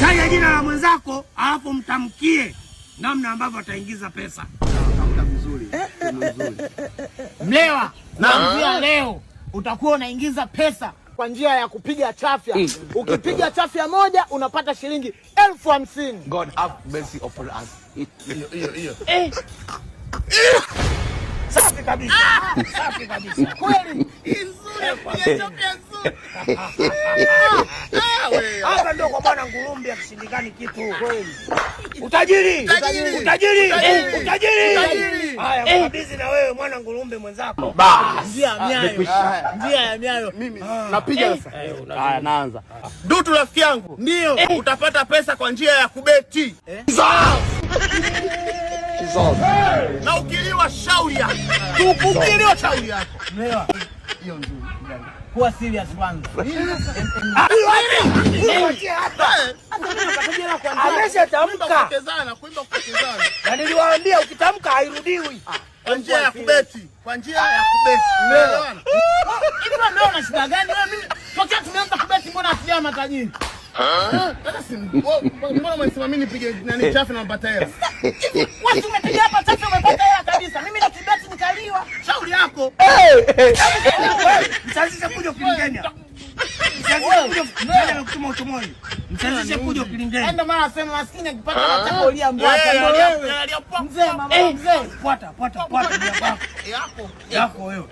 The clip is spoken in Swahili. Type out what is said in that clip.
taja jina la mwenzako alafu mtamkie namna ambavyo ataingiza pesa eh, eh, eh, mlewa naambia ah. leo utakuwa unaingiza pesa kwa njia ya kupiga chafya. Ukipiga chafya moja unapata shilingi elfu hamsini. God have mercy upon us. Safi kabisa. Ah. Safi kabisa. Kweli. Nzuri. Nzuri. Ah, hiyo kwa bwana Ngurumbi akishindikani kitu. Kweli. Utajiri, utajiri, utajiri. Eh, Haya, mkabizi eh. na wewe mwana Ngurumbi mwenzako. Ah, njia ya miayo, njia ah, ya miayo. Mimi ah. napiga sasa. Eh, Haya, naanza. Dutu rafiki yangu, ndio utapata pesa kwa njia ya kubeti na ukiliwa shauri yako, ukiliwa shauri yako. Umeelewa? hiyo nzuri. Kuwa serious kwanza. Na niliwaambia ukitamka hairudiwi. Ah, kwa njia ya kubeti. Kwa njia ya kubeti. Unaelewana? Ah, ndio una shida gani wewe mimi? Tokea tumeanza kubeti mbona hatujawa matajiri? Mbona umesema mimi nipige nani chafu na mpata hela? Watu umepiga hapa Msazishe kuja ukilingenya. Msazishe kuja ukilingenya. Ndio maana nasema maskini akipata anataka ulia mbwata. Mzee mama mzee. Pata pata pata yako. Yako wewe.